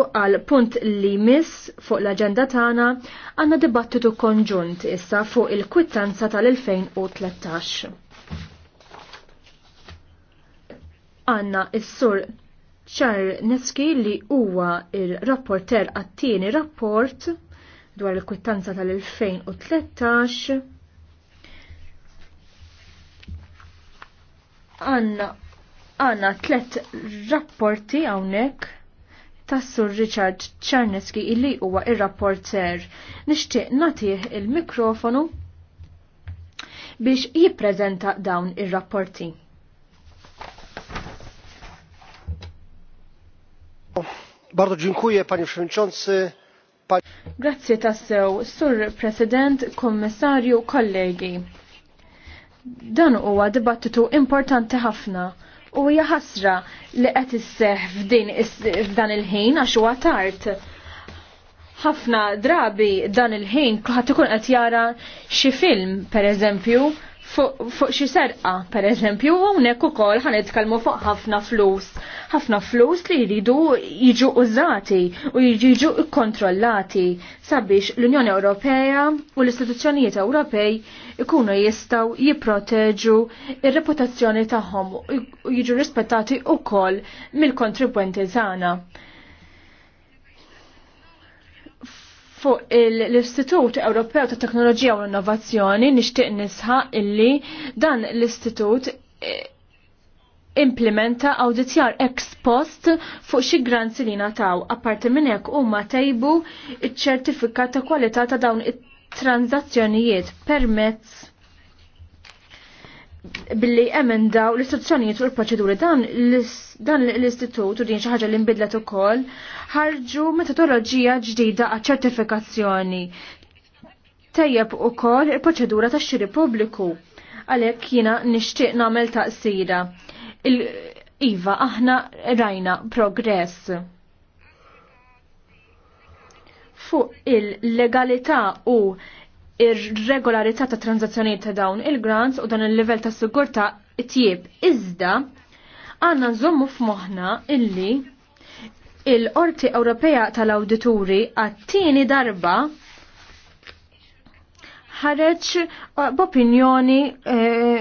U għal punt li miss fuq l-agenda tagħna għandna dibattitu konġunt issa fuq il-kwittanza tal-2013. Għanna is-sur Ċar Neski li huwa il-rapporter għat-tieni rapport dwar il-kwittanza tal-2013 għanna għanna tlet rapporti għawnek tas-Sur Richard Czarneski illi huwa ir-rapporter. Nixtieq natih il-mikrofonu biex jippreżenta dawn ir-rapporti. Bardzo dziękuję panie przewodniczący. Pani... Grazie tassew, sur president, kommissarju, kollegi. Dan huwa dibattitu importanti ħafna U hija ħasra li qed isseħ f'din f'dan il-ħin għax huwa tard. Ħafna drabi dan il-ħin kulħadd ikun qed jara xi film pereżempju fuq xi serqa, per eżempju, hawnhekk ukoll ħan nitkellmu fuq ħafna flus. Ħafna flus li jridu jiġu użati u jiġu kontrollati sabiex l-Unjoni Ewropea u l-istituzzjonijiet Ewropej ikunu jistgħu jipproteġu ir-reputazzjoni tagħhom u jiġu rispettati wkoll mill-kontribwenti tagħna. Fuq l-Istitut Ewropew ta' Teknoloġija u Innovazzjoni nixtieq nisħa illi dan l-istitut eh, implementa awditjar ex post fuq xi grants li nataw. Apparti minn hekk huma tejbu iċ-ċertifikat ta' kwalità ta' dawn it-tranzazzjonijiet permezz billi emendaw l-istituzzjonijiet u l-proċeduri dan l-istitut u din xi ħaġa li nbidlet ukoll ħarġu metodoloġija ġdida għat ċertifikazzjoni tejjeb ukoll il-proċedura tax-xiri pubbliku għalhekk jiena nixtieq nagħmel taqsira. Iva, aħna rajna progress fuq il-legalità u ir-regolarità ta' tranzazzjonijiet ta' dawn il-grants u dan il-livell ta' sigurtà tjieb. Iżda għandna nżommu f'moħħna illi il-Qorti Ewropea tal-Awdituri għat-tieni darba ħareġ b'opinjoni eh,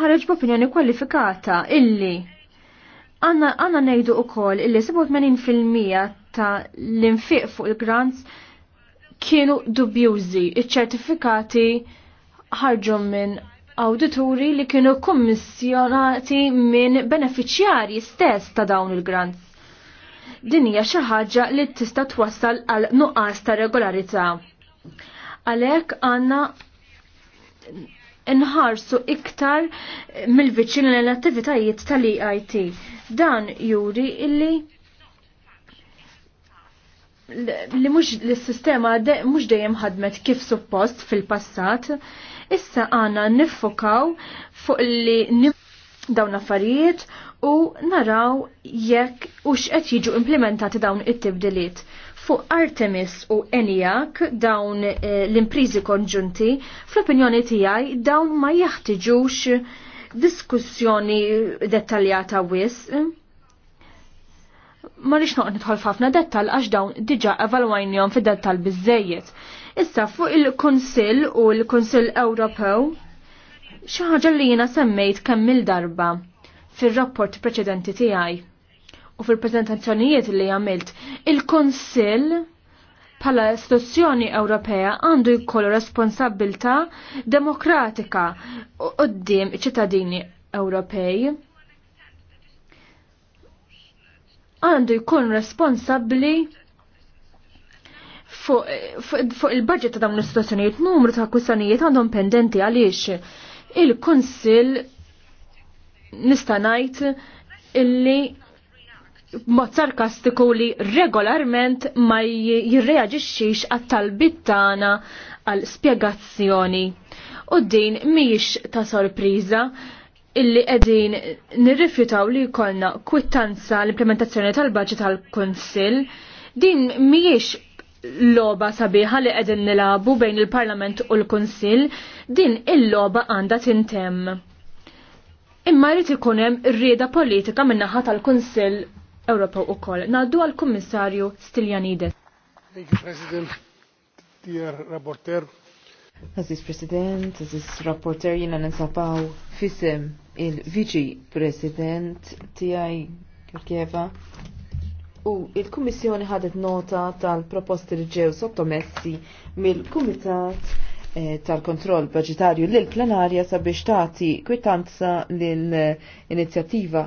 ħareġ b'opinjoni kwalifikata illi għanna nejdu u koll illi 87% ta' l-infiq fuq il-grants kienu dubjużi. Iċ-ċertifikati ħarġu minn awdituri li kienu kummissjonati minn beneficjari stess ta' dawn il-grants. Din hija xi ħaġa li tista' twassal għal nuqqas ta' regolarità. Għalhekk għandna nħarsu iktar mill-viċin l-attivitajiet tal-EIT. Dan juri illi li mux l-sistema mux dejjem ħadmet kif suppost fil-passat, issa għana nifokaw fuq li dawn affarijiet u naraw jekk u x'qed jiġu implementati dawn it-tibdiliet. Fuq Artemis u Eniak dawn eh, l-imprizi konġunti, fl-opinjoni tiegħi dawn ma jaħtiġux diskussjoni dettaljata wisq ma rix noqni nidħol f'ħafna dettal għax dawn diġa evalwajnjom fi dettal bizzejiet. Issa fuq il-Kunsill u l-Kunsill Ewropew xi ħaġa li jiena semmejt kemm il-darba fir-rapport preċedenti tiegħi u fil-prezentazzjonijiet li għamilt il-Kunsill bħala istituzzjoni Ewropea għandu jkollu responsabilta demokratika u iċ-ċittadini Ewropej għandu jkun responsabbli fuq fu il-budget ta' dawn l-istituzzjonijiet numru ta' kwistjonijiet għandhom pendenti għaliex il-Kunsill nista' ngħid illi mod sarkastiku li regolarment ma jirreaġixxix għat-talbit tagħna għal spjegazzjoni. U din mhijiex ta' sorpriża illi edin nirrifjutaw li jkollna kwittanza l-implementazzjoni tal-budget tal-Konsil, din miex loba sabiħa li edin nilabu bejn il-Parlament u l-Konsil, din il-loba għanda tintem. Imma jrid ikun hemm rieda politika min-naħa tal-Kunsill Ewropew ukoll. Ngħaddu għall-Kummissarju Stiljanides. Thank you, President. Dear Rapporteur, Aziz President, Aziz Rapporter, jina ninsabaw fisem il-Viċi President tijaj Kjeva. U il-Kummissjoni ħadet nota tal-proposti li ġew sottomessi mill-Kumitat eh, tal-kontroll budgetarju lil plenarja sabiex tagħti kwitanza lil inizjattiva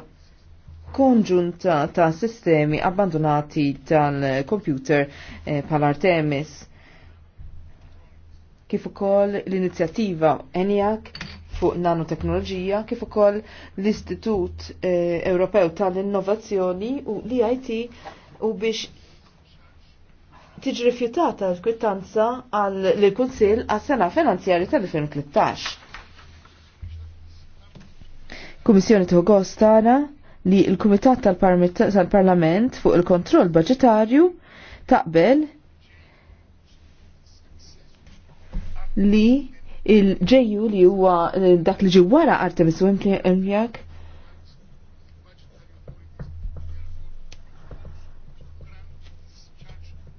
konġunta ta' sistemi abbandonati tal-computer eh, pal-Artemis kif ukoll l-inizjattiva ENIAC fuq nanoteknoloġija, kif ukoll l-Istitut eh, Ewropew tal-Innovazzjoni u l-IT u biex tiġi rifjutata l-kwittanza għal kunsil għas sena finanzjari tal-2013. Kummissjoni Togos tara li l-Kumitat tal-Parlament fuq il-Kontroll Budgetarju taqbel li il-ġeju li huwa eh, dak li ġi wara Artemis u Emjak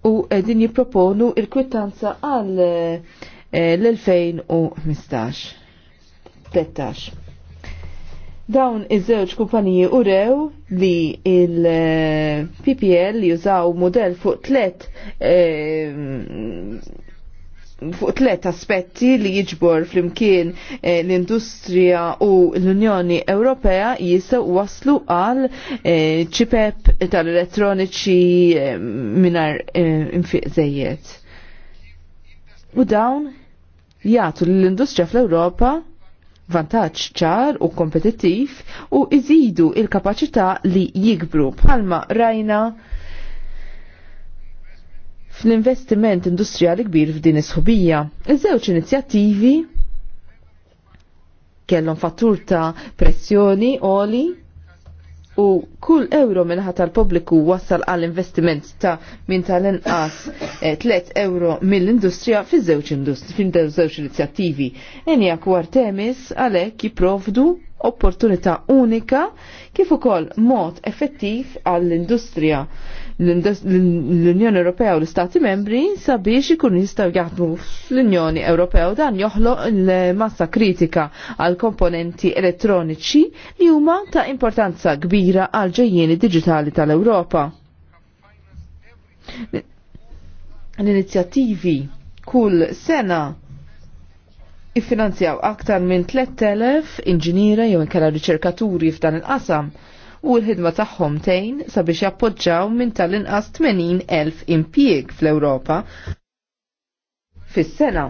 u din jiproponu il-kwittanza għal eh, l-2015. Dawn iż-żewġ kumpaniji urew li il-PPL jużaw model fuq tlet eh, fuq tlet aspetti li jiġbor flimkien eh, l-industrija u l-Unjoni Ewropea jistaw waslu għal eh, ċipep tal-elettroniċi eh, minar eh, infiq zejjed. U dawn jgħatu l-industrija fl-Ewropa vantaġġ ċar u kompetittiv u iżidu il-kapacità li jikbru bħalma rajna fl-investiment industrijali kbir f'din is-sħubija. Iż-żewġ inizjattivi kellhom fattur ta' pressjoni oli u kull euro minħat tal-pubbliku wassal għall investiment ta' minn tal-inqas 3 eh, euro mill-industrija fi żewġ inizjattivi. Enja temis għalhekk jipprovdu opportunità unika kif ukoll mod effettiv għall-industrija l-Unjoni Ewropea u l-Stati Membri sabiex ikun jistgħu jaħdmu fl-Unjoni Ewropea u dan joħloq l-massa kritika għal komponenti elettroniċi li huma ta' importanza kbira għal ġejjieni diġitali tal-Ewropa. L-inizjattivi kull sena iffinanzjaw aktar minn 3000 inġiniera jew inkella riċerkaturi f'dan il-qasam u l-ħidma tagħhom Tejn sabiex jappoġġaw minn tal-inqas 80,000 impjieg fl-Ewropa fis-sena.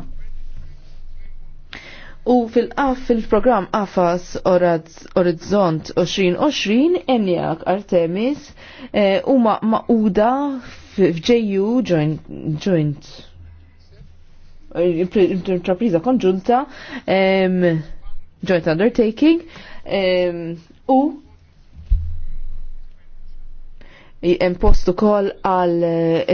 U fil-qaf fil-programm AFAS Orizzont 2020 Enjak Artemis eh, huma e, maquda joint, joint intrapriza konġunta joint undertaking u jem postu kol għal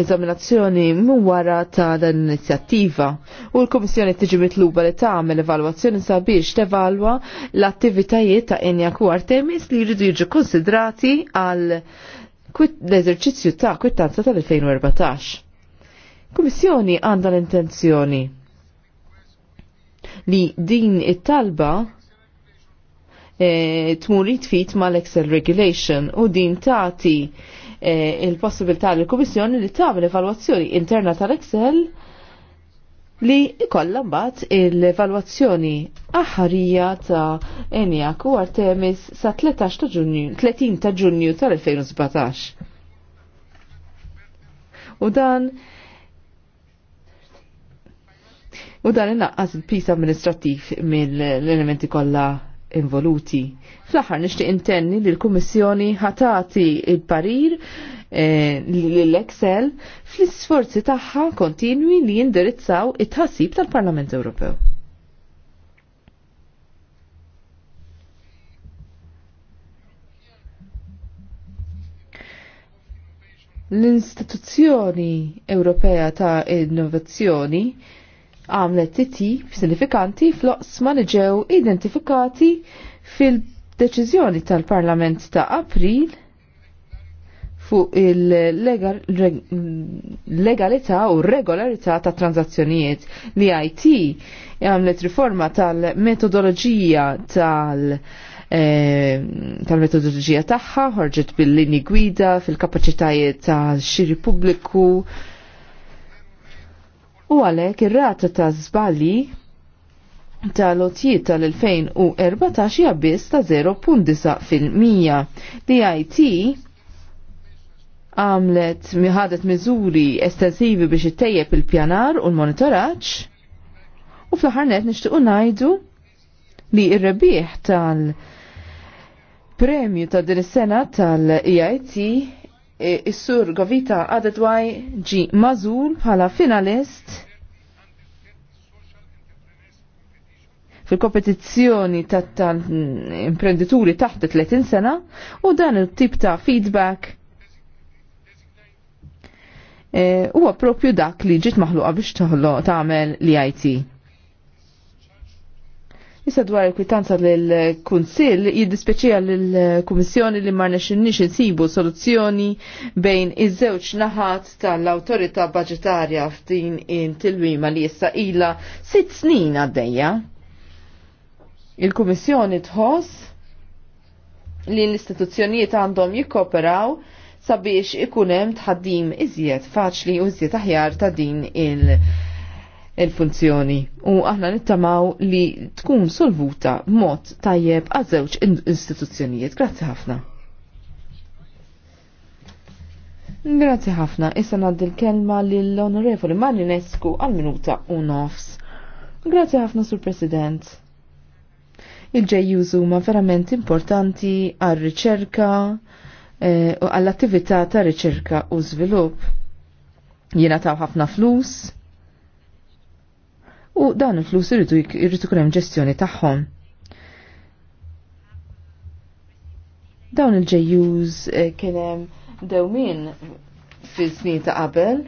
eżaminazzjoni mwara ta' dan l-inizjattiva u l-Komissjoni tiġi mitluba li tagħmel evalwazzjoni sabiex tevalwa l-attivitajiet ta' enja ku Artemis li jridu jiġu konsidrati għal l-eżerċizzju ta' kwittanza tal-2014. Kummissjoni għandha l-intenzjoni li din it-talba e, tmur jitfit mal-Excel Regulation u din tati e, eh, il-possibilità l kummissjoni li tagħmel evalwazzjoni interna tal-Excel li kollha mbagħad l-evalwazzjoni aħħarija ta' Eniak u Artemis sa 13 ta' Ġunju, 30 ta' Ġunju tal-2017. U dan U dan innaqqas il-pis amministrattiv mill-elementi kollha involuti. Fl-aħħar nixtieq intenni li l-Kummissjoni ħatati il-parir eh, l-Excel fl-isforzi tagħha kontinwi li jindirizzaw it-ħassib tal-Parlament Ewropew. L-Istituzzjoni Ewropea ta' Innovazzjoni għamlet Titi sinifikanti fl-oqsma li ġew identifikati fil-deċiżjoni tal-Parlament ta' April fuq il-legalità u regolarità ta' tranzazzjonijiet li IT għamlet riforma tal-metodoloġija tal- eh, metodoloġija tal tal metodologija tagħha ħorġet bil-lini gwida fil-kapaċitajiet tal-xiri pubbliku u għalhekk ir-rata ta' zbali tal-lotjiet tal-2014 hija biss ta' 0.9 fil-mija. DIT għamlet miħadet miżuri estensivi biex ittejjeb il-pjanar u l-monitoraġġ u fl-aħħar net nixtiequ ngħidu li r-rebbieħ tal- Premju ta' din is-sena tal-EIT E, is-sur Govita Adedwaj ġi mażul bħala finalist fil-kompetizzjoni tal imprendituri taħt 30 sena u dan il-tip ta' feedback e, huwa e, propju dak li ġiet maħluqa biex taħlo tagħmel l-IT. Issa dwar il-kwitanza l-Kunsil, jiddispeċija l-Kummissjoni li marna xinnix insibu soluzzjoni bejn iż-żewġ naħat tal-autorita budgetarja f'din in-tilwima li issa ila sitt snin għaddejja. il kumissjoni tħoss li l-istituzzjonijiet għandhom jikkoperaw sabiex ikunem tħaddim iżjed faċli u iżjed aħjar ta' din il- il-funzjoni u aħna nittamaw li tkun solvuta mod tajjeb għazewċ żewġ istituzzjonijiet. Grazzi ħafna. Grazzi ħafna, issa naddi l-kelma lill-Onorevoli Marinescu għal-minuta u nofs. Grazzi ħafna, Sur President. Il-ġejjuż huma verament importanti għal-riċerka eh, u għall-attività ta' riċerka u żvilupp. Jena taw ħafna flus, u dawn il-flus irridu irridu kunem ġestjoni tagħhom. Dawn il-ġejjuż eh, kienem dewmin fi snin ta' qabel.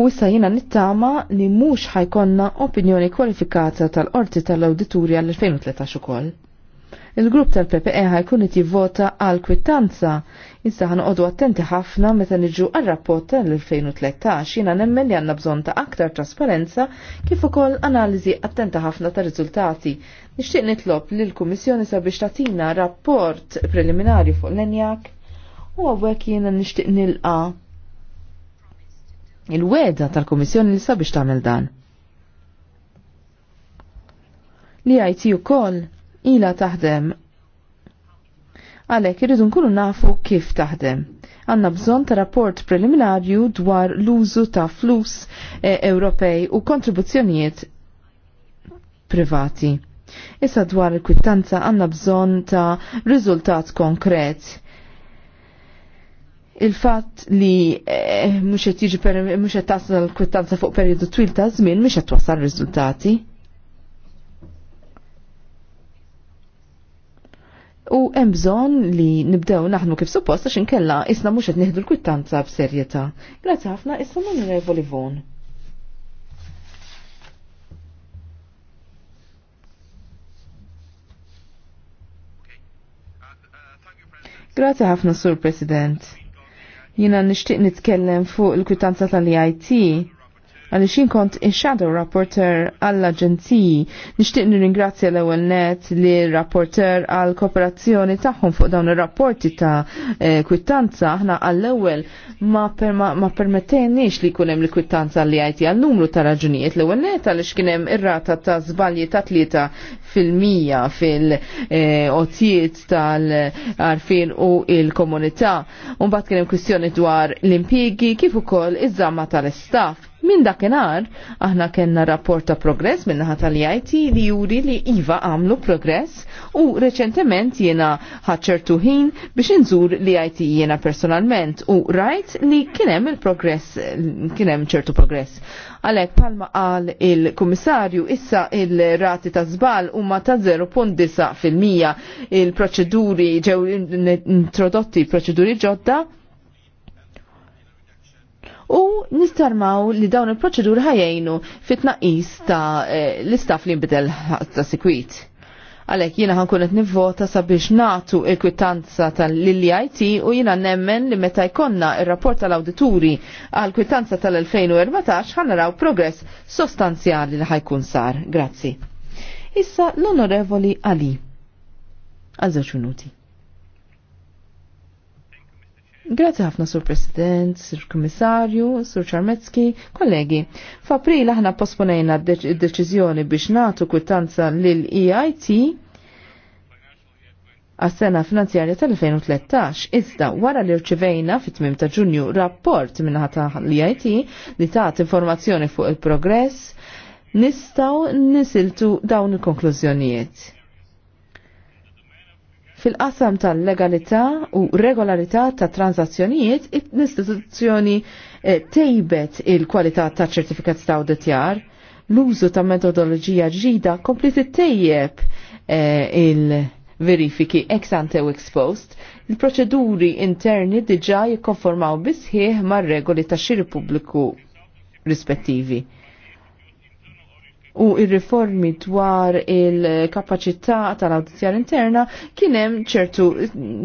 U issa jina nittama li mhux ħajkonna opinjoni kwalifikata tal-qorti tal-awditurja l-2013 ukoll. Il-grupp tal-PPE ħajkun qed jivvota għal kwittanza. Issa ħanqodu attenti ħafna meta niġu għal rapport tal-2013 jiena nemmen li għandna bżonn ta' aktar trasparenza kif ukoll analiżi attenta ħafna ta' riżultati. Nixtieq nitlob lill kummissjoni sabiex tagħtina rapport preliminari fuq l-enjak u għawek jiena nixtieq nilqa' il-weda tal-Komissjoni li sabiex tagħmel dan. Li għajti u koll ila taħdem. Għalek irridu nkunu nafu kif taħdem. Għanna bżon ta' rapport preliminarju dwar l-użu ta' flus eh, Ewropej u kontribuzzjonijiet privati. Issa dwar il-kwittanza għanna bżon ta' riżultat konkret. Il-fat li eh, per, qed tasal l-kwittanza fuq periodu twil ta' żmien muxet qed wasal riżultati. u hemm bżonn li nibdew naħdmu kif suppost għax inkella isna mhux qed nieħdu l-kwittanza b'serjetà. Grazzi ħafna issa ma nirrevu li von. Grazzi ħafna Sur President. Jina nixtieq nitkellem fuq il-kwittanza tal-IT għaliex jien kont in-shadow rapporter għall-aġenziji. Nixtieq nirringrazzja l-ewwel net li rapporter għall kooperazzjoni tagħhom fuq dawn ir-rapporti ta' eh, kwittanza aħna għall-ewwel ma permettejniex li jkun hemm l-kwittanza li għajti għal numru ta' raġunijiet l-ewwel net għaliex kien hemm ir-rata ta' żbalji ta' tlieta fil-mija fil-qotjiet eh, tal-arfin u il-komunità. Mbagħad kien hemm kwistjoni dwar l-impjiegi kif ukoll iż-żamma tal-istaff Minn dakinhar aħna kellna rapport ta' progress minna naħa tal-IT li juri li iva għamlu progress u reċentement jiena ħaċertu ħin biex inżur li IT jiena personalment u rajt li kienem il-progress kienem ċertu progress. Għalek palma qal il-komissarju issa il-rati ta' zbal huma ta' 0.9 fil-mija il-proċeduri ġew introdotti proċeduri ġodda u nistarmaw li dawn il-proċedur ħajajnu fit-naqis ta' eh, l istaf li nbidel ta' sikwit. Għalek jina ħankun nivvota sabiex natu il-kwitanza tal-LIT u jina nemmen li meta jkonna il rapport tal-awdituri għal kwitanza tal-2014 ħanaraw progress sostanzjali li ħajkun sar. Grazzi. Issa l-Onorevoli Ali. Għal minuti. Grazie ħafna Sur President, Sur Komissarju, Sur Czarmecki, kollegi. F'April aħna posponejna d-deċiżjoni biex natu kwittanza lil EIT għas-sena finanzjarja tal-2013. Iżda wara li rċivejna fit-tmim ta' Ġunju rapport minn ħata l-EIT li tat informazzjoni fuq il-progress, nistaw nisiltu dawn il-konklużjonijiet Fil-qasam tal-legalità u regolarità ta' transazzjonijiet, l-istituzzjoni eh, tejbet il-kwalità ta' ċertifikat ta' auditjar, l-użu ta' metodoloġija ġdida kompli tejjeb eh, il-verifiki ex ante u ex post, il-proċeduri interni diġa jikkonformaw bisħieħ mar regoli ta' xiri pubbliku rispettivi u il-riformi dwar il-kapacità tal-audizjar interna kienem ċertu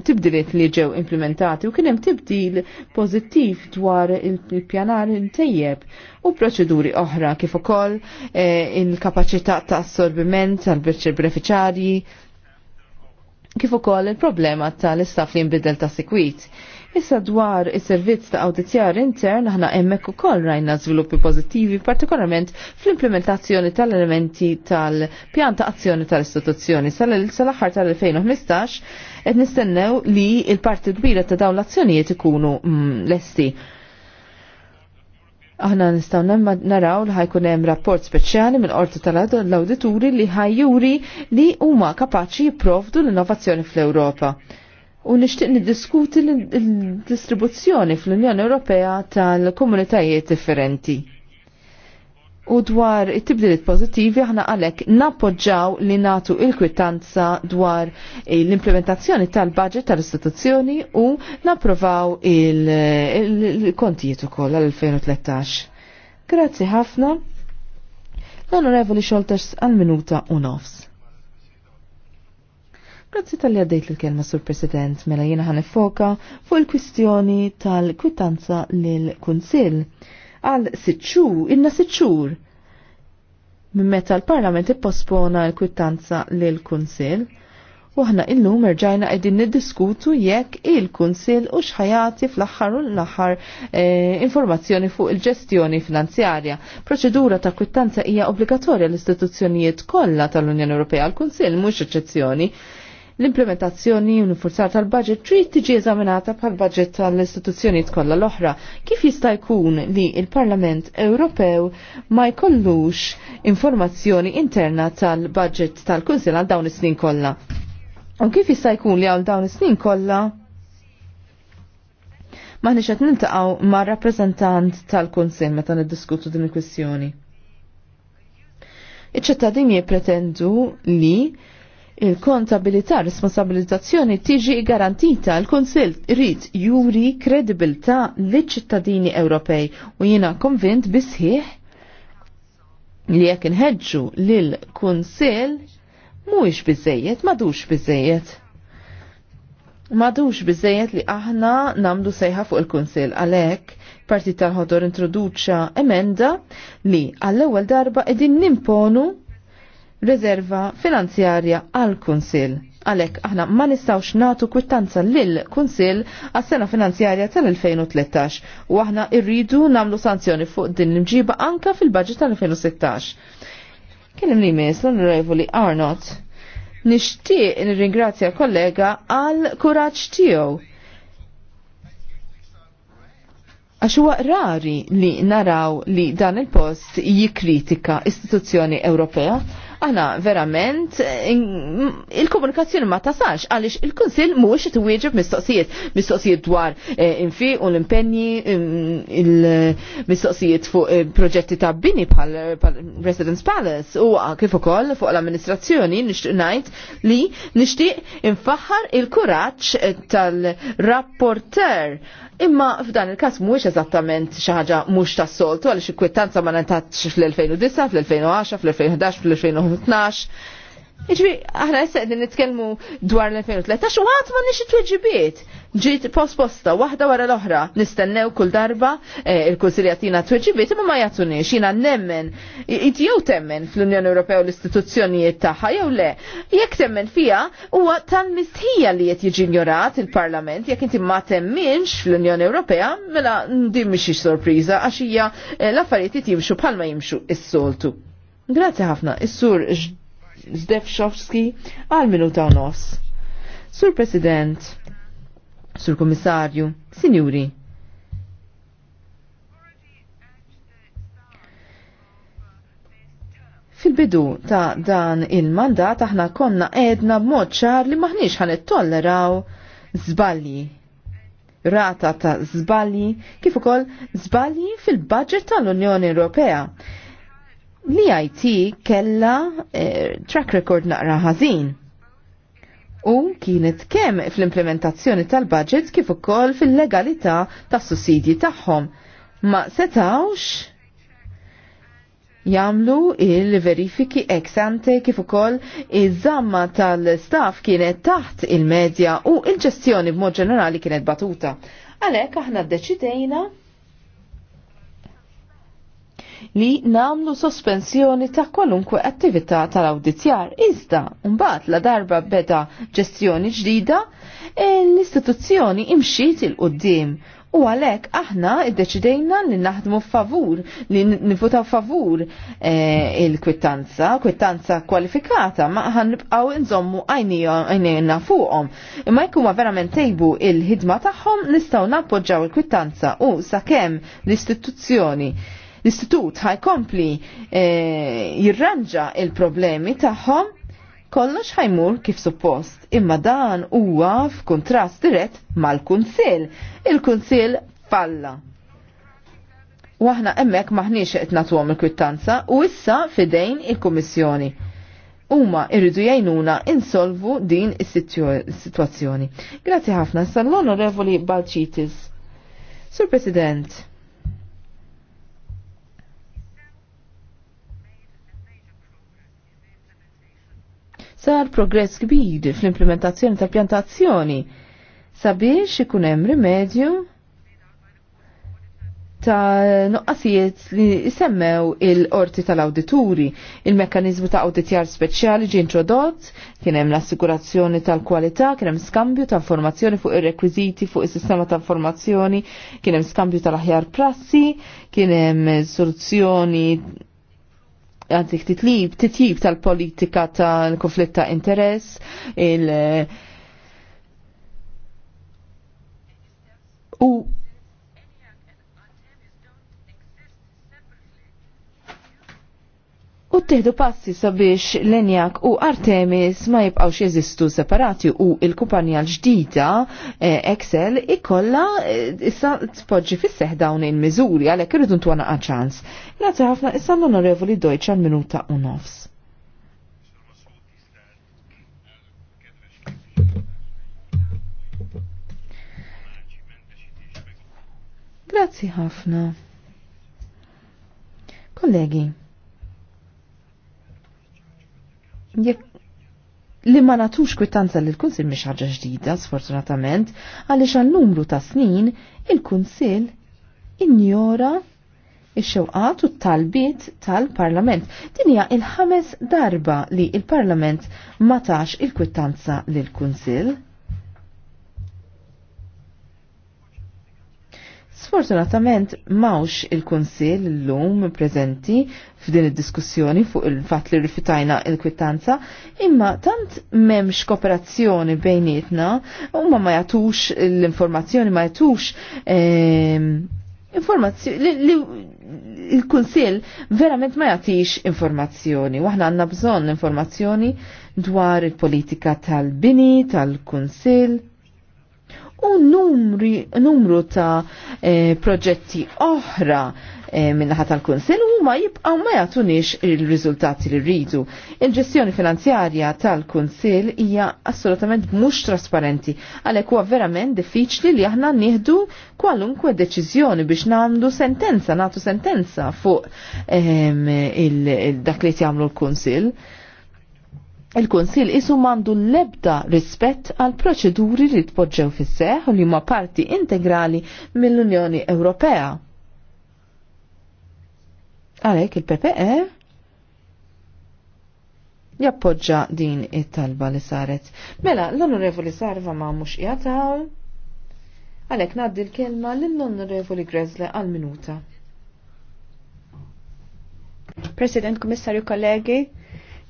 tibdiliet li ġew implementati u kienem tibdil pozittiv dwar il-pjanar intejjeb u proċeduri oħra kif ukoll eh, il-kapacità ta' assorbiment tal-beneficjarji kif ukoll il-problema tal-istaff li nbidel ta' sikwit. Issa dwar is-servizz ta' awdizjar intern aħna hemmhekk ukoll rajna żviluppi pożittivi partikolarment fl-implementazzjoni tal-elementi tal-pjan ta' azzjoni tal-istituzzjoni. Sal-aħħar tal-2015 qed nistennew li l-parti kbira ta' dawn l-azzjonijiet ikunu mm, lesti. Aħna nistaw nemma naraw li ħajkun hemm rapport speċjali mill qorti tal-awdituri li ħajjuri li huma kapaċi jipprovdu l-innovazzjoni fl-Ewropa u nixtieq niddiskuti l-distribuzzjoni fl-Unjoni Ewropea tal-komunitajiet differenti. U dwar it-tibdiliet pozittivi aħna għalek nappoġġaw li natu il-kwittanza dwar l-implementazzjoni tal-budget tal-istituzzjoni u napprovaw il-kontijiet ukoll għal-2013. Grazzi ħafna. L-Onorevoli Xolters għal-minuta u nofs. Grazzi tal-li għaddejt l-kelma sur President, mela jena ħan foka fuq il-kwistjoni tal-kwittanza l-Kunsil. Għal sitxu, inna sitxur. Minn meta l-Parlament ippospona l-kwittanza l-Kunsil. U aħna illum rġajna qegħdin niddiskutu jekk il-Kunsil u xħajati fl-aħħar u l-aħħar eh, informazzjoni fuq il-ġestjoni finanzjarja. Proċedura ta' kwittanza hija obbligatorja l-istituzzjonijiet kollha tal-Unjoni Ewropea għal-Kunsil mhux eċċezzjoni l-implementazzjoni u l l-forzar tal-budget trid tiġi eżaminata bħal budget tal-istituzzjonijiet kollha l-oħra. Kif jista' jkun li l-Parlament Ewropew ma jkollux informazzjoni interna tal-budget tal-Kunsil għal dawn is-snin kollha? U kif jista' jkun li għal dawn is-snin kollha maħniċ qed nintaqaw ma' rappreżentant tal-Kunsil meta niddiskutu din il kwestjoni Iċ-ċittadini pretendu li il-kontabilità responsabilizzazzjoni tiġi garantita l kunsill rrit juri kredibilità liċ-ċittadini Ewropej u jiena konvint bisħieħ li jekk inħeġġu lill kunsill mhuwiex biżejjed, madux biżejjed. Madux biżejjed li aħna nagħmlu sejħa fuq il-kunsill għalhekk partit tal-ħodor introduċa emenda li għall-ewwel darba qegħdin nimponu rezerva finanzjarja għal-Kunsil. Għalek, aħna ma nistawx natu kwittanza lill-Kunsil għas-sena finanzjarja tal-2013 u aħna irridu namlu sanzjoni fuq din l-imġiba anka fil-budget tal-2016. Kien li mis l-Onorevoli Arnott, nishtiq nirringrazzja kollega għal kuraġġ tiegħu. Għax huwa rari li naraw li dan il-post jikkritika istituzzjoni Ewropea Aħna verament il-komunikazzjoni ma tasalx għaliex il-Kunsill mhux qed iwieġeb mistoqsijiet, mistoqsijiet dwar eh, infi u l-impenji il-mistoqsijiet fuq eh, proġetti ta' bini bħal Residence Palace u kif ukoll fuq l-amministrazzjoni nixtieq ngħid li nixtieq infaħħar il-kuraġġ eh, tal-rapporter Imma f'dan il-kas mhuwiex eżattament xi ħaġa mhux tas-soltu għaliex ikkwitanza ma nentatx fl-2009, fl-2010, fl-2011, fl-2012 Iġbi, aħna jessed nitkelmu dwar l-2013 u għatma nix it-tweġibiet. Ġiet post-posta, wahda wara l-oħra, nistennew kull darba eh, il-konsiljatina t-tweġibiet, imma ma jatuni xina nemmen, jew temmen fl-Unjoni Ewropea u l-istituzzjonijiet tagħha jew le. Jekk temmen fija, huwa tal-mistħija li qed jiġi il-Parlament, jekk inti ma temminx fl-Unjoni Ewropea, mela din mhix sorpriża għax hija eh, l-affarijiet jimxu bħalma jimxu is-soltu. Grazzi ħafna, is-sur Zdefxovski għal minuta u nofs. Sur President, Sur Komissarju, Sinjuri, Fil-bidu ta' dan il-mandat aħna konna edna b'mod ċar li maħniex ħan tolleraw zballi. Rata ta' zballi kif ukoll zballi fil-budget tal-Unjoni Ewropea l-IT kella eh, track record naqra ħażin. U kienet kemm fl-implementazzjoni tal-budget kif ukoll fil-legalità tas-sussidji tagħhom. Ma setawx jamlu il-verifiki ex ante kif ukoll iż-żamma tal-staff kienet taħt il-medja u il-ġestjoni b'mod ġenerali kienet batuta. Għalhekk aħna ddeċidejna li namlu sospensjoni ta' kwalunkwe attività tal-awditjar. Iżda, mbagħad la darba beda ġestjoni ġdida, e l-istituzzjoni imxiet il-qoddim U għalek aħna id-deċidejna li naħdmu favur, li nifutaw favur e, il-kwittanza, kwittanza kwalifikata, ma ħan nibqaw nżommu għajnejna fuqom. Imma jkuma verament tejbu il-ħidma tagħhom nistaw nappoġġaw il-kwittanza u sakemm l-istituzzjoni l-istitut ħajkompli eh, jirranġa il-problemi tagħhom kollox ħajmur kif suppost, imma dan huwa f'kuntrast dirett mal-kunsil. Il-kunsil falla. U aħna emmek maħniex qed nagħtuhom il-kwittanza u issa fidejn il-Kummissjoni. Huma irridu jgħinuna insolvu din is-sitwazzjoni. Grazzi ħafna sal-Onorevoli Balċitis. Sur President, sar progress kbir fl-implementazzjoni tal-pjantazzjoni sabiex ikun hemm rimedju ta' nuqqasijiet li semmew il-qorti tal-awdituri. il mekkaniżmu ta' awditjar speċjali ġi introdott, kien hemm l-assigurazzjoni tal-kwalità, kien hemm skambju ta' informazzjoni fuq ir-rekwiżiti fuq is-sistema ta' informazzjoni, kien hemm skambju tal-aħjar prassi, kien hemm soluzzjoni għandik titlib, titjib tal-politika tal-konflitt ta' interess, il- u U teħdu passi sabiex Lenjak u Artemis ma jibqawx jeżistu separati u il-kumpanija l-ġdida eh, Excel ikolla eh, issa tpoġġi fis dawn il-miżuri għalhekk irridu ntwana ċans. Grazzi ħafna issa l-Onorevoli Deutsch għal minuta u nofs. Grazzi ħafna. Kollegi, jekk li ma natux kwitanza li l-Kunsil mhix ħaġa ġdida, sfortunatament, għaliex għal numru ta' snin il-Kunsil injora il xewqat u t-talbiet tal-Parlament. Din hija il-ħames darba li il-Parlament ma tax il-kwittanza l kunsil Sfortunatament mawx il-Kunsil l-lum prezenti f'din id-diskussjoni fuq il-fat li rifitajna il-kwittanza, imma tant memx kooperazzjoni bejnietna, u ma jatux l-informazzjoni, ma jatux ehm, informazzjoni, il-Kunsil verament ma jatix informazzjoni, waħna għanna bżon informazzjoni dwar il-politika tal-bini, tal-Kunsil, u numri, numru ta' e, proġetti oħra e, minnaħa tal-Kunsel u ma jibqaw ma jatunix il-riżultati li rridu. Il-ġestjoni finanzjarja tal-Kunsel hija assolutament mhux trasparenti għalhekk huwa verament diffiċli li aħna nieħdu kwalunkwe deċiżjoni biex nagħmlu sentenza, nagħtu sentenza fuq e, ehm, il-dak li jagħmlu l-Kunsil il-Konsil isu mandu lebda rispett għal proċeduri li tpoġġew fis-seħ u li ma parti integrali mill-Unjoni Ewropea. Għalek il-PPE jappoġġa din it-talba li saret. Mela, l-Onorevoli Sarva ma mux jataw. Għalek naddi l-kelma l-Onorevoli Grezle għal-minuta. President, Komissarju, kollegi,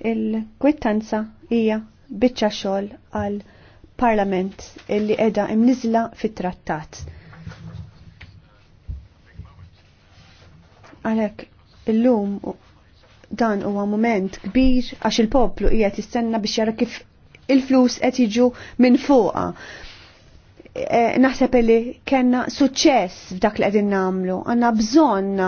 il-kwittanza hija biċċa xogħol għal parlament illi qiegħda imniżla fit-trattat. Għalhekk illum dan huwa moment kbir għax il-poplu qiegħed jistenna biex jara kif il-flus qed jiġu minn fuqha. Eh, naħseb li kena suċċess f'dak li qegħdin nagħmlu. Għandna bżonn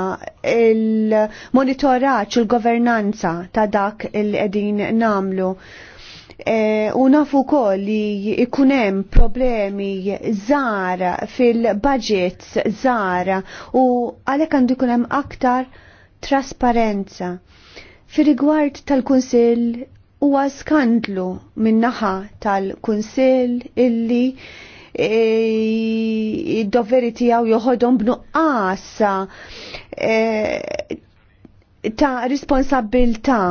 il-monitoraġġ u l-governanza ta' dak li qegħdin nagħmlu. Eh, u nafu kol li ikunem problemi zar fil-budgets zar u għalek għandu ikunem aktar trasparenza. Fil-rigward tal-Kunsil huwa skandlu minnaħa tal-Kunsil illi E, id-doveri tiegħu joħodhom b'nuqqasa e, ta' responsabilta'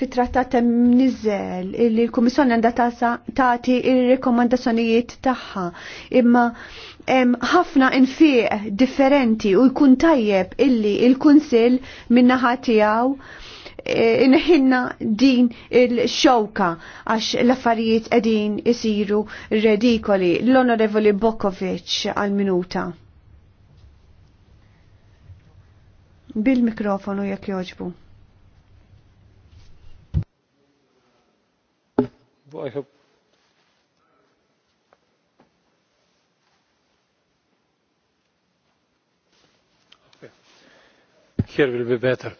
fit-trattat ta' nizzel li l-Kummissjoni għandha tagħti ir-rekomandazzjonijiet tagħha. Imma ħafna infieq differenti u jkun tajjeb illi l-Kunsill min-naħa tiegħu inħinna din il-xowka għax l-affarijiet edin isiru redikoli l-Onorevoli Bokovic għal-minuta. Bil-mikrofonu jekk joġbu. here will be better.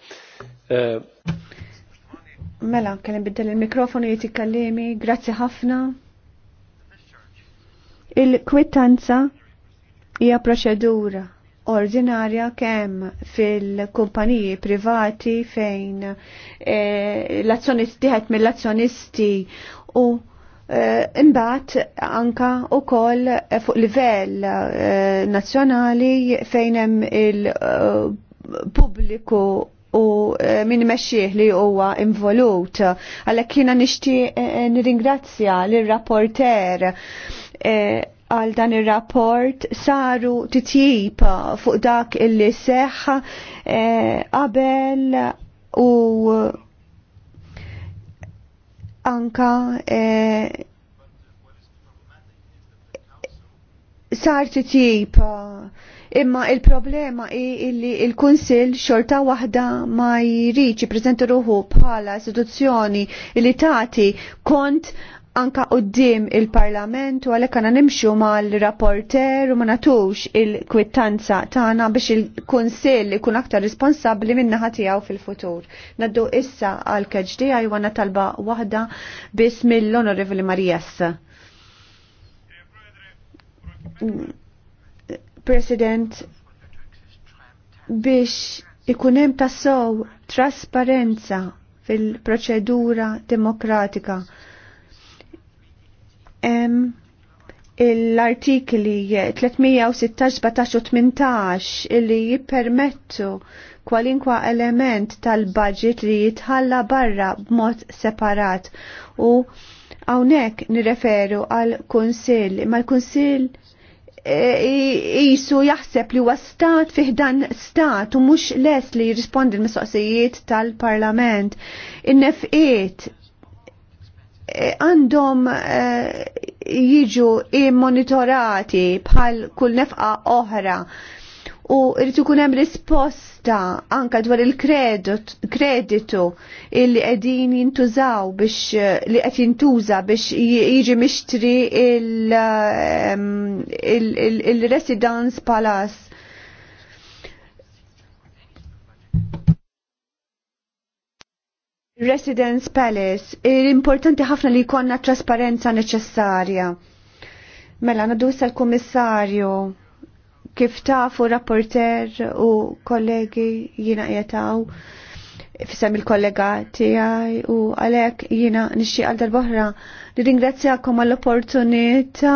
Eh, mela, kellem biddel il-mikrofonu kallimi, grazzi ħafna. Il-kwittanza hija proċedura ordinarja kemm fil-kumpaniji privati fejn eh, l-azzjonisti tieħed mill-azzjonisti u e, imbagħad anka ukoll fuq livell e, nazzjonali fejn hemm il-pubbliku u eh, min meċieħ li huwa involut. Għalek kiena nishti eh, nringrazzja l-rapporter eh, għal dan il-rapport saru titjib fuq dak illi seħ qabel u anka sar titjib Imma il-problema i illi il-Kunsil xorta waħda ma jriċi prezenti ruħu bħala istituzzjoni li tati kont anka qoddim il-Parlament u għalhekk għana nimxu mal-rapporter u ma natux il-kwittanza tagħna biex il-Kunsill ikun aktar responsabbli minn naħa tiegħu fil-futur. Naddu issa għal keġdi għana talba waħda biss mill-Onorevoli Marijas. President, biex ikunem tassow trasparenza fil-proċedura demokratika. Em, l-artikli 316-18 illi jippermettu kwalinkwa element tal-budget li jitħalla barra b'mod separat u għawnek nireferu għal kunsil ma l-kunsil E, jisu jaħseb li huwa stat fih dan stat u mhux les li jirrispondi l-mistoqsijiet tal-Parlament. In-nefqiet e, għandhom e, jiġu monitorati bħal kull nefqa oħra u rrit ikun hemm risposta anka dwar il-kreditu illi qegħdin jintużaw biex li qed jintuża biex jiġi mixtri il-residence ehm, il, il, il palace. Residence Palace, l-importanti ħafna li jkollna trasparenza neċessarja. Mela, nadu sal kummissarju Kif tafu rapporter u kollegi jina jetaw fissam il-kollega tijaj u għalek jina nixi għal darbohra li ringrazzjakom għall-opportunita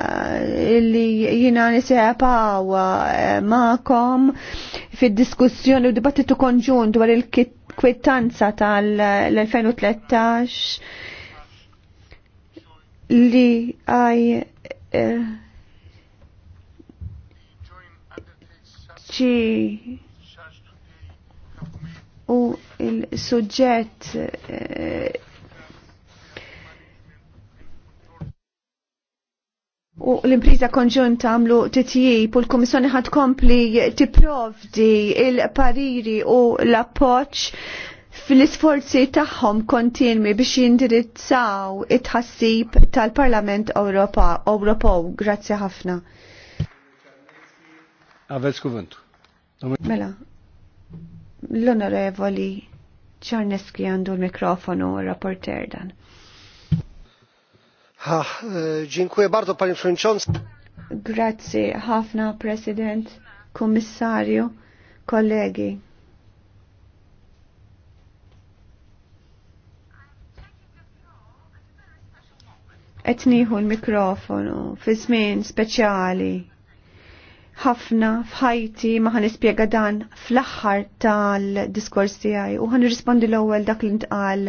eh, li jina nisjapaw eh, ma'kom fid diskussjoni u dibattitu konġun dwar il-kwittanza tal-2013 li għaj eh, ċi u il sujġet eh, U l-impriża konġunta għamlu titjib u l-Komissjoni ħad kompli tipprovdi il-pariri u l-appoċ fil-isforzi tagħhom kontinwi biex jindirizzaw it-ħassib tal-Parlament Ewropew. Grazzi ħafna. Aveți cuvântul. Mela, l-onorevoli ċarneski għandu l-mikrofonu, rapporter dan. Ha, e, dziękuję bardo, panie przewodniczący. Grazie, ħafna, president, kommissarju, kollegi. etniħu l-mikrofonu fi żmien speċjali ħafna fħajti ma ħan ispiega dan fl-axħar tal-diskors tiegħi u ħan rispondi l-ewwel dak li ntqal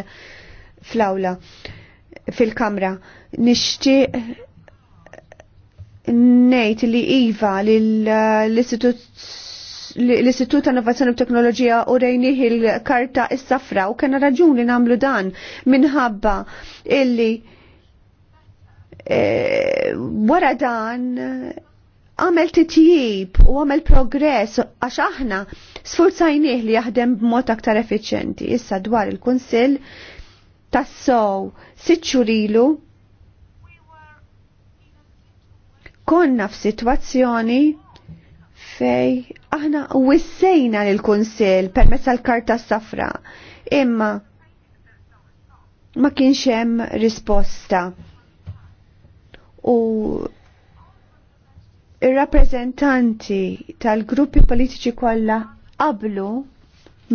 fl-awla fil-kamra. Nixtieq ngħid li iva l-istitut l-Istitut ta' Innovazzjoni u Teknoloġija u rejnih il-karta is-safra u kena raġuni namlu dan minħabba illi eh, wara dan għamel titjib u għamel progress għax aħna sfurzajnieh li jaħdem b'mod aktar effiċjenti. Issa dwar il-Kunsill tassow sitxurilu konna f'sitwazzjoni fej aħna wissejna lill-Kunsill permezz tal-karta safra imma ma kienx hemm risposta. U Ir-rappreżentanti tal-gruppi politiċi kollha qablu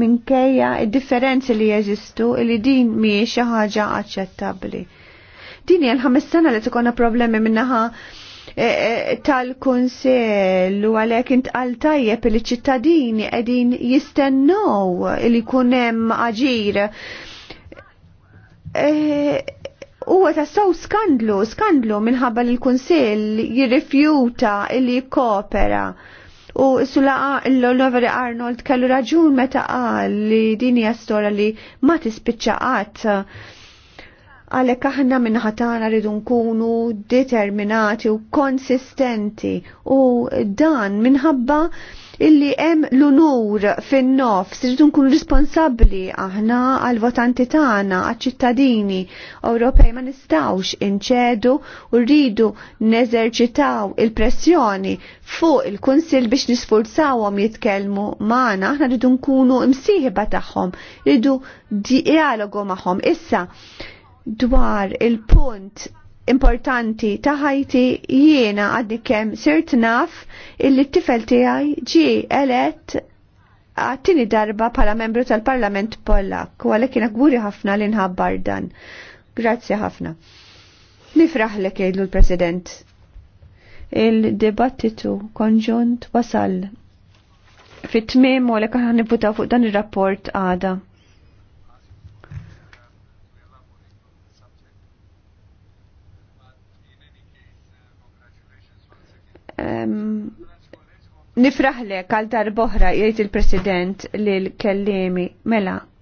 minkejja id-differenzi li jeżistu li din mhijiex xi ħaġa aċċettabbli. Din hija l-ħames sena li tkun problemi minnaħa eh, eh, tal kunsell u għalhekk intqal tajjeb li ċittadini qegħdin jistennew li jkun hemm aġir. Eh, huwa ta' sew skandlu, skandlu minħabba li l-Kunsill jirrifjuta li jikkopera. U sulaqa l-Oliver Arnold kellu raġun meta qal li din hija storja li ma qatt. Għalhekk aħna minnaħatana rridu nkunu determinati u konsistenti u dan minħabba illi hemm l-unur fin-nofs irridu nkunu responsabbli aħna għal votanti tagħna għaċ-ċittadini Ewropej ma nistgħux inċedu u rridu neżerċitaw il-pressjoni fuq il-Kunsill biex nisfurzawhom jitkellmu magħna aħna rridu nkunu imsieħba tagħhom, rridu dialogu magħhom. Issa dwar il-punt importanti ta' ħajti jiena għaddi kem sirt naf illi t-tifel tijaj ġi elett għattini darba pala membru tal-Parlament Pollak, u għalek jena gburi ħafna li nħabbar dan. Grazzi ħafna. Nifraħlek jgħidlu l-President. Il-debattitu konġunt wasal fit-tmim u għalek ħan fuq dan il-rapport għada. Nifraħlek għal darboħra jgħid il-President lil kellimi mela